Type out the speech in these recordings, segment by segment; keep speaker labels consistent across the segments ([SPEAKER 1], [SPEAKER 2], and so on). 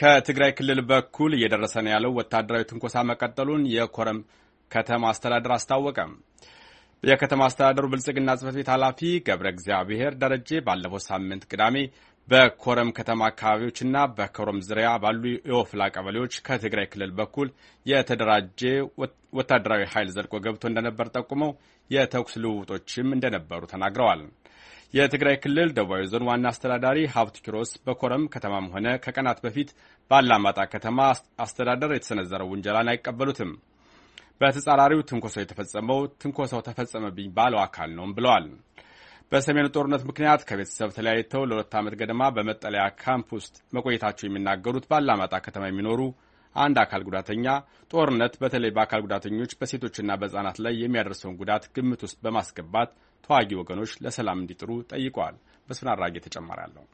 [SPEAKER 1] ከትግራይ ክልል በኩል እየደረሰ ነው ያለው ወታደራዊ ትንኮሳ መቀጠሉን የኮረም ከተማ አስተዳደር አስታወቀ። የከተማ አስተዳደሩ ብልጽግና ጽህፈት ቤት ኃላፊ ገብረ እግዚአብሔር ደረጀ ባለፈው ሳምንት ቅዳሜ በኮረም ከተማ አካባቢዎችና በኮረም ዙሪያ ባሉ የወፍላ ቀበሌዎች ከትግራይ ክልል በኩል የተደራጀ ወታደራዊ ኃይል ዘልቆ ገብቶ እንደነበር ጠቁመው የተኩስ ልውውጦችም እንደነበሩ ተናግረዋል። የትግራይ ክልል ደቡባዊ ዞን ዋና አስተዳዳሪ ሀብት ኪሮስ በኮረም ከተማም ሆነ ከቀናት በፊት ባላማጣ ከተማ አስተዳደር የተሰነዘረው ውንጀላን አይቀበሉትም። በተጻራሪው ትንኮሳው የተፈጸመው ትንኮሳው ተፈጸመብኝ ባለው አካል ነውም ብለዋል። በሰሜኑ ጦርነት ምክንያት ከቤተሰብ ተለያይተው ለሁለት ዓመት ገደማ በመጠለያ ካምፕ ውስጥ መቆየታቸው የሚናገሩት በአላማጣ ከተማ የሚኖሩ አንድ አካል ጉዳተኛ ጦርነት በተለይ በአካል ጉዳተኞች በሴቶችና በሕፃናት ላይ የሚያደርሰውን ጉዳት ግምት ውስጥ በማስገባት ተዋጊ ወገኖች ለሰላም እንዲጥሩ ጠይቀዋል። መስፍን አራጌ ተጨማሪ አለው።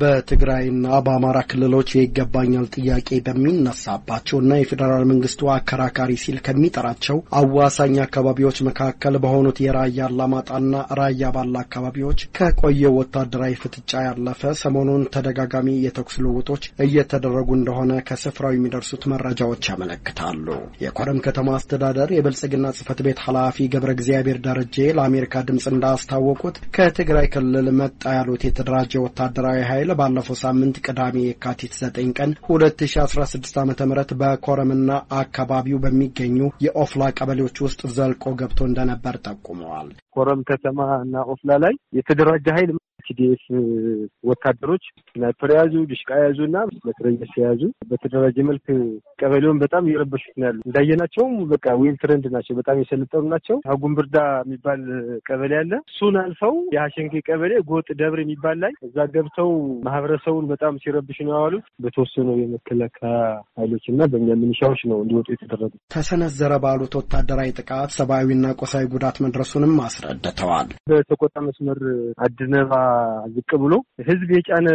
[SPEAKER 2] በትግራይና በአማራ ክልሎች የይገባኛል ጥያቄ በሚነሳባቸውና የፌዴራል መንግስቱ አከራካሪ ሲል ከሚጠራቸው አዋሳኝ አካባቢዎች መካከል በሆኑት የራያ አላማጣና ራያ ባላ አካባቢዎች ከቆየ ወታደራዊ ፍጥጫ ያለፈ ሰሞኑን ተደጋጋሚ የተኩስ ልውጦች እየተደረጉ እንደሆነ ከስፍራው የሚደርሱት መረጃዎች ያመለክታሉ። የኮረም ከተማ አስተዳደር የብልጽግና ጽህፈት ቤት ኃላፊ ገብረ እግዚአብሔር ደረጀ ለአሜሪካ ድምፅ እንዳስታወቁት ከትግራይ ክልል መጣ ያሉት የተደራጀ ወታደራዊ ኃይል ባለፈው ሳምንት ቅዳሜ የካቲት 9 ቀን 2016 ዓ ም በኮረምና አካባቢው በሚገኙ የኦፍላ ቀበሌዎች ውስጥ ዘልቆ ገብቶ እንደነበር ጠቁመዋል።
[SPEAKER 3] ኮረም ከተማ እና ኦፍላ ላይ የተደራጀ ኃይል ቲዲኤፍ ወታደሮች ስናይፐር የያዙ ድሽቃ የያዙ እና መትረየስ የያዙ በተደራጀ መልክ ቀበሌውን በጣም እየረበሹት ነው ያሉ። እንዳየናቸውም በቃ ዊል ትረንድ ናቸው፣ በጣም የሰለጠኑ ናቸው። አጉንብርዳ የሚባል ቀበሌ አለ። እሱን አልፈው የሀሸንኬ ቀበሌ ጎጥ ደብር የሚባል ላይ እዛ ገብተው ማህበረሰቡን በጣም ሲረብሽ ነው ያዋሉት። በተወሰኑ የመከላከያ ኃይሎች እና በእኛ ሚኒሻዎች ነው እንዲወጡ የተደረጉ። ተሰነዘረ
[SPEAKER 2] ባሉት ወታደራዊ ጥቃት ሰብአዊና ቆሳዊ ጉዳት መድረሱንም አስረድተዋል። በተቆጣ
[SPEAKER 3] መስመር አድነባ ዝቅ ብሎ ህዝብ የጫነ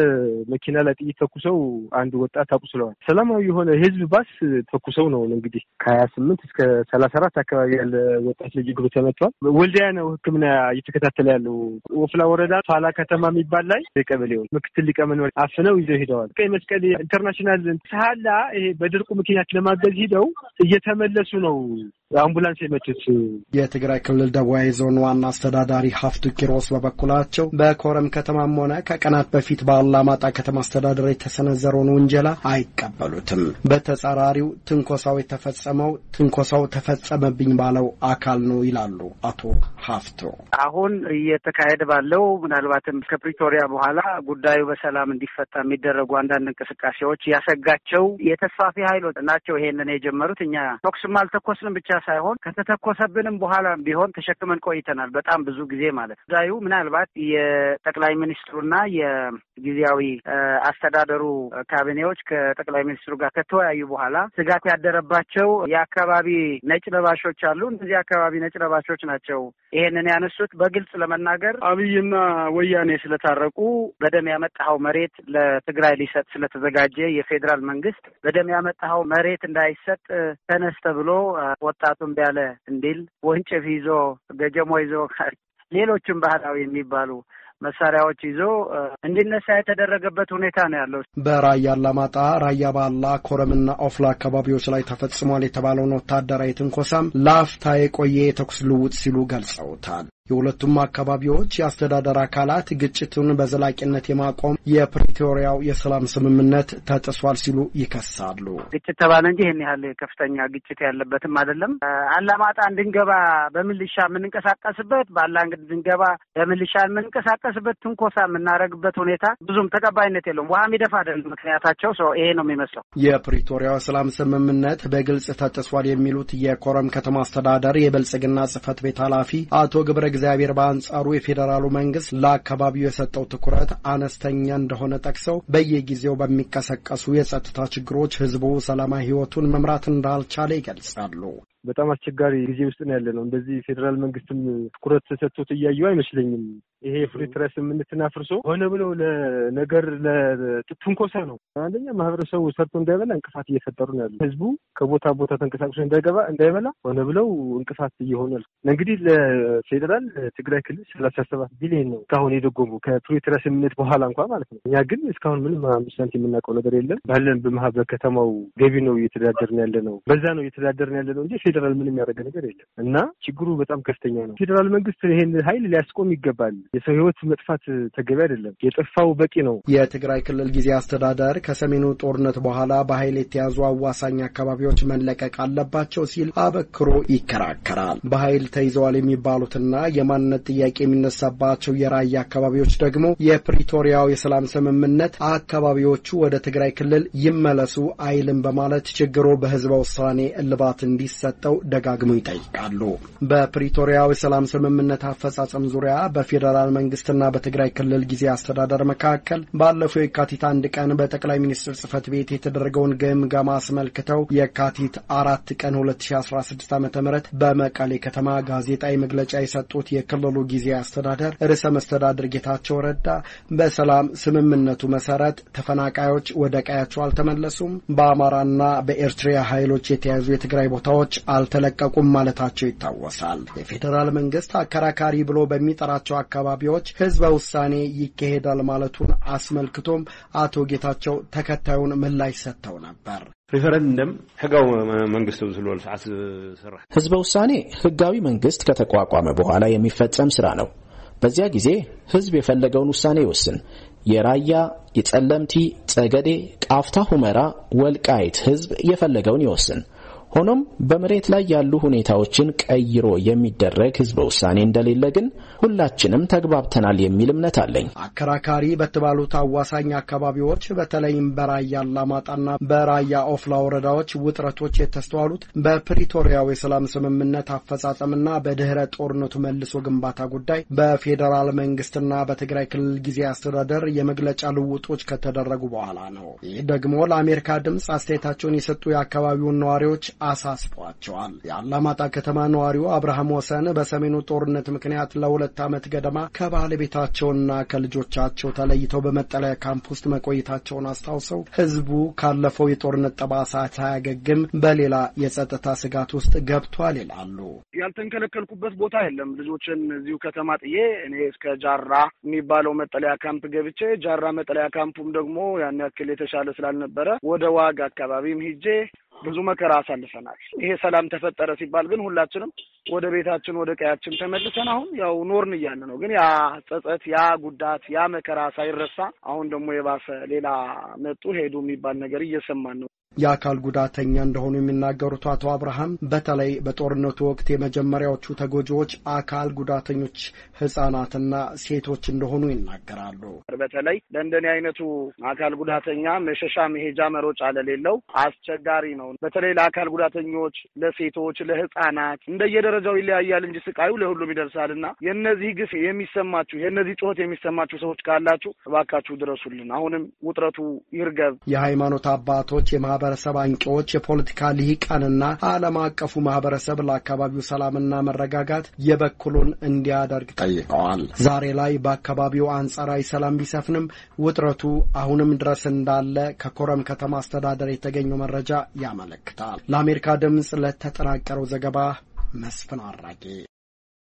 [SPEAKER 3] መኪና ላይ ጥይት ተኩሰው አንድ ወጣት አቁስለዋል። ሰላማዊ የሆነ ህዝብ ባስ ተኩሰው ነው እንግዲህ ከሀያ ስምንት እስከ ሰላሳ አራት አካባቢ ያለ ወጣት ልጅ እግሩ ተመቷል። ወልዲያ ነው ህክምና እየተከታተለ ያለው። ወፍላ ወረዳ ፋላ ከተማ የሚባል ላይ ቀበሌውን ምክትል ሊቀመንበር አፍነው ይዘው ሄደዋል። ቀይ መስቀል ኢንተርናሽናል ሳላ ይሄ በድርቁ ምክንያት ለማገዝ ሂደው እየተመለሱ ነው። አምቡላንስ የመቱት።
[SPEAKER 2] የትግራይ ክልል ደቡባዊ ዞን ዋና አስተዳዳሪ ሀፍቱ ኪሮስ በበኩላቸው በኮረም ከተማም ሆነ ከቀናት በፊት በአላማጣ ከተማ አስተዳደር የተሰነዘረውን ውንጀላ አይቀበሉትም። በተጻራሪው ትንኮሳው የተፈጸመው ትንኮሳው ተፈጸመብኝ ባለው አካል ነው ይላሉ አቶ ሀፍቶ።
[SPEAKER 4] አሁን እየተካሄደ ባለው ምናልባትም ከፕሪቶሪያ በኋላ ጉዳዩ በሰላም እንዲፈታ የሚደረጉ አንዳንድ እንቅስቃሴዎች ያሰጋቸው የተስፋፊ ኃይሎች ናቸው። ይሄንን የጀመሩት እኛ ተኩስም አልተኮስንም ብቻ ሳይሆን ከተተኮሰብንም በኋላ ቢሆን ተሸክመን ቆይተናል። በጣም ብዙ ጊዜ ማለት ነው። ዛዩ ምናልባት የጠቅላይ ሚኒስትሩና የጊዜያዊ አስተዳደሩ ካቢኔዎች ከጠቅላይ ሚኒስትሩ ጋር ከተወያዩ በኋላ ስጋት ያደረባቸው የአካባቢ ነጭ ለባሾች አሉ። እነዚህ አካባቢ ነጭ ለባሾች ናቸው ይሄንን ያነሱት። በግልጽ ለመናገር አብይና ወያኔ ስለታረቁ በደም ያመጣኸው መሬት ለትግራይ ሊሰጥ ስለተዘጋጀ የፌዴራል መንግስት በደም ያመጣኸው መሬት እንዳይሰጥ ተነስ ተብሎ ወጣ ወጣቱም ቢያለ እንዲል ወንጭፍ ይዞ ገጀሞ ይዞ ሌሎችም ባህላዊ የሚባሉ መሳሪያዎች ይዞ እንዲነሳ የተደረገበት ሁኔታ ነው ያለው። በራያ
[SPEAKER 2] አላማጣ፣ ራያ ባላ፣ ኮረምና ኦፍላ አካባቢዎች ላይ ተፈጽሟል የተባለውን ወታደራዊ ትንኮሳም ላፍታ የቆየ የተኩስ ልውውጥ ሲሉ ገልጸውታል። የሁለቱም አካባቢዎች የአስተዳደር አካላት ግጭቱን በዘላቂነት የማቆም የፕሪቶሪያው የሰላም ስምምነት ተጥሷል ሲሉ ይከሳሉ።
[SPEAKER 4] ግጭት ተባለ እንጂ ይህን ያህል ከፍተኛ ግጭት ያለበትም አይደለም። አላማጣ እንድንገባ በምልሻ የምንንቀሳቀስበት፣ ባላንግ እንድንገባ በምልሻ የምንንቀሳቀስበት ትንኮሳ የምናደርግበት ሁኔታ ብዙም ተቀባይነት የለውም። ውሃ የሚደፋ አይደለም ምክንያታቸው ሰው ይሄ ነው የሚመስለው።
[SPEAKER 2] የፕሪቶሪያው የሰላም ስምምነት በግልጽ ተጥሷል የሚሉት የኮረም ከተማ አስተዳደር የብልጽግና ጽህፈት ቤት ኃላፊ አቶ ግብረ እግዚአብሔር በአንጻሩ የፌዴራሉ መንግስት ለአካባቢው የሰጠው ትኩረት አነስተኛ እንደሆነ ጠቅሰው በየጊዜው በሚቀሰቀሱ የጸጥታ ችግሮች ህዝቡ ሰላማዊ ህይወቱን መምራት እንዳልቻለ ይገልጻሉ።
[SPEAKER 3] በጣም አስቸጋሪ ጊዜ ውስጥ ነው ያለ ነው። እንደዚህ ፌዴራል መንግስትም ትኩረት ተሰጥቶት እያዩ አይመስለኝም። ይሄ ፍሪ ትረስ ሆነ ብለው ለነገር ለትንኮሳ ነው። አንደኛ ማህበረሰቡ ሰርቶ እንዳይበላ እንቅፋት እየፈጠሩ ነው ያሉ። ህዝቡ ከቦታ ቦታ ተንቀሳቅሶ እንዳይገባ እንዳይበላ ሆነ ብለው እንቅፋት እየሆናል። እንግዲህ ለፌዴራል ትግራይ ክልል ሰላሳ ሰባት ቢሊዮን ነው እስካሁን የደጎሙ ከፍሪ ትረስ የምንት በኋላ እንኳ ማለት ነው። እኛ ግን እስካሁን ምንም አምስት ሳንቲም የምናውቀው ነገር የለም። ባለን በማህበር ከተማው ገቢ ነው እየተዳደርን ያለ ነው። በዛ ነው እየተዳደርን ያለ ነው እንጂ ፌዴራል ምንም ያደረገ ነገር የለም እና ችግሩ በጣም ከፍተኛ ነው። ፌዴራል መንግስት ይህን ኃይል ሊያስቆም ይገባል። የሰው ህይወት መጥፋት ተገቢ አይደለም። የጠፋው በቂ ነው። የትግራይ ክልል ጊዜ አስተዳደር
[SPEAKER 2] ከሰሜኑ ጦርነት በኋላ በኃይል የተያዙ አዋሳኝ አካባቢዎች መለቀቅ አለባቸው ሲል አበክሮ ይከራከራል። በኃይል ተይዘዋል የሚባሉትና የማንነት ጥያቄ የሚነሳባቸው የራያ አካባቢዎች ደግሞ የፕሪቶሪያው የሰላም ስምምነት አካባቢዎቹ ወደ ትግራይ ክልል ይመለሱ አይልም በማለት ችግሩ በህዝበ ውሳኔ እልባት እንዲሰጥ ሰጥተው ደጋግመው ይጠይቃሉ። በፕሪቶሪያው የሰላም ስምምነት አፈጻጸም ዙሪያ በፌዴራል መንግስትና በትግራይ ክልል ጊዜ አስተዳደር መካከል ባለፈው የካቲት አንድ ቀን በጠቅላይ ሚኒስትር ጽህፈት ቤት የተደረገውን ግምገማ አስመልክተው የካቲት አራት ቀን 2016 ዓ ም በመቀሌ ከተማ ጋዜጣዊ መግለጫ የሰጡት የክልሉ ጊዜ አስተዳደር ርዕሰ መስተዳድር ጌታቸው ረዳ በሰላም ስምምነቱ መሰረት ተፈናቃዮች ወደ ቀያቸው አልተመለሱም፣ በአማራና በኤርትራ ኃይሎች የተያዙ የትግራይ ቦታዎች አልተለቀቁም ማለታቸው ይታወሳል። የፌዴራል መንግስት አከራካሪ ብሎ በሚጠራቸው አካባቢዎች ህዝበ ውሳኔ ይካሄዳል ማለቱን አስመልክቶም አቶ ጌታቸው ተከታዩን ምላሽ ሰጥተው ነበር።
[SPEAKER 3] ሪፈረንደም ህጋዊ መንግስት ብስሎ ሰዓት
[SPEAKER 2] ስራ ህዝበ ውሳኔ ህጋዊ መንግስት ከተቋቋመ በኋላ የሚፈጸም ስራ ነው። በዚያ ጊዜ ህዝብ የፈለገውን ውሳኔ ይወስን። የራያ የጸለምቲ፣ ጸገዴ፣ ቃፍታ፣ ሁመራ፣ ወልቃይት ህዝብ የፈለገውን ይወስን። ሆኖም በመሬት ላይ ያሉ ሁኔታዎችን ቀይሮ የሚደረግ ህዝበ ውሳኔ እንደሌለ ግን ሁላችንም ተግባብተናል የሚል እምነት አለኝ። አከራካሪ በተባሉት አዋሳኝ አካባቢዎች በተለይም በራያ አላማጣና በራያ ኦፍላ ወረዳዎች ውጥረቶች የተስተዋሉት በፕሪቶሪያው የሰላም ስምምነት አፈጻጸምና በድህረ ጦርነቱ መልሶ ግንባታ ጉዳይ በፌዴራል መንግስትና በትግራይ ክልል ጊዜ አስተዳደር የመግለጫ ልውጦች ከተደረጉ በኋላ ነው። ይህ ደግሞ ለአሜሪካ ድምፅ አስተያየታቸውን የሰጡ የአካባቢውን ነዋሪዎች አሳስቧቸዋል። የአላማጣ ከተማ ነዋሪው አብርሃም ወሰን በሰሜኑ ጦርነት ምክንያት ለሁለት ዓመት ገደማ ከባለቤታቸውና ከልጆቻቸው ተለይተው በመጠለያ ካምፕ ውስጥ መቆየታቸውን አስታውሰው ህዝቡ ካለፈው የጦርነት ጠባሳ ሳያገግም በሌላ የጸጥታ ስጋት ውስጥ
[SPEAKER 5] ገብቷል ይላሉ። ያልተንከለከልኩበት ቦታ የለም። ልጆችን እዚሁ ከተማ ጥዬ እኔ እስከ ጃራ የሚባለው መጠለያ ካምፕ ገብቼ ጃራ መጠለያ ካምፑም ደግሞ ያን ያክል የተሻለ ስላልነበረ ወደ ዋግ አካባቢም ሂጄ ብዙ መከራ አሳልፈናል። ይሄ ሰላም ተፈጠረ ሲባል ግን ሁላችንም ወደ ቤታችን ወደ ቀያችን ተመልሰን አሁን ያው ኖርን እያለ ነው። ግን ያ ጸጸት፣ ያ ጉዳት፣ ያ መከራ ሳይረሳ አሁን ደግሞ የባሰ ሌላ መጡ ሄዱ የሚባል ነገር እየሰማን ነው።
[SPEAKER 2] የአካል ጉዳተኛ እንደሆኑ የሚናገሩት አቶ አብርሃም በተለይ በጦርነቱ ወቅት የመጀመሪያዎቹ ተጎጂዎች አካል ጉዳተኞች ህጻናትና ሴቶች እንደሆኑ ይናገራሉ።
[SPEAKER 5] በተለይ ለእንደኔ አይነቱ አካል ጉዳተኛ መሸሻ መሄጃ መሮጫ ለሌለው አስቸጋሪ ነው። በተለይ ለአካል ጉዳተኞች፣ ለሴቶች፣ ለህጻናት እንደየደረጃው ይለያያል እንጂ ስቃዩ ለሁሉም ይደርሳል እና የእነዚህ ግፍ የሚሰማችሁ የእነዚህ ጩኸት የሚሰማችሁ ሰዎች ካላችሁ እባካችሁ ድረሱልን። አሁንም ውጥረቱ ይርገብ።
[SPEAKER 2] የሃይማኖት አባቶች የማህበ ማህበረሰብ አንቂዎች፣ የፖለቲካ ልሂቃንና ዓለም አቀፉ ማህበረሰብ ለአካባቢው ሰላምና መረጋጋት የበኩሉን እንዲያደርግ ጠይቀዋል። ዛሬ ላይ በአካባቢው አንጻራዊ ሰላም ቢሰፍንም ውጥረቱ አሁንም ድረስ እንዳለ ከኮረም ከተማ አስተዳደር የተገኘው መረጃ
[SPEAKER 3] ያመለክታል።
[SPEAKER 2] ለአሜሪካ ድምፅ ለተጠናቀረው ዘገባ
[SPEAKER 3] መስፍን አራጌ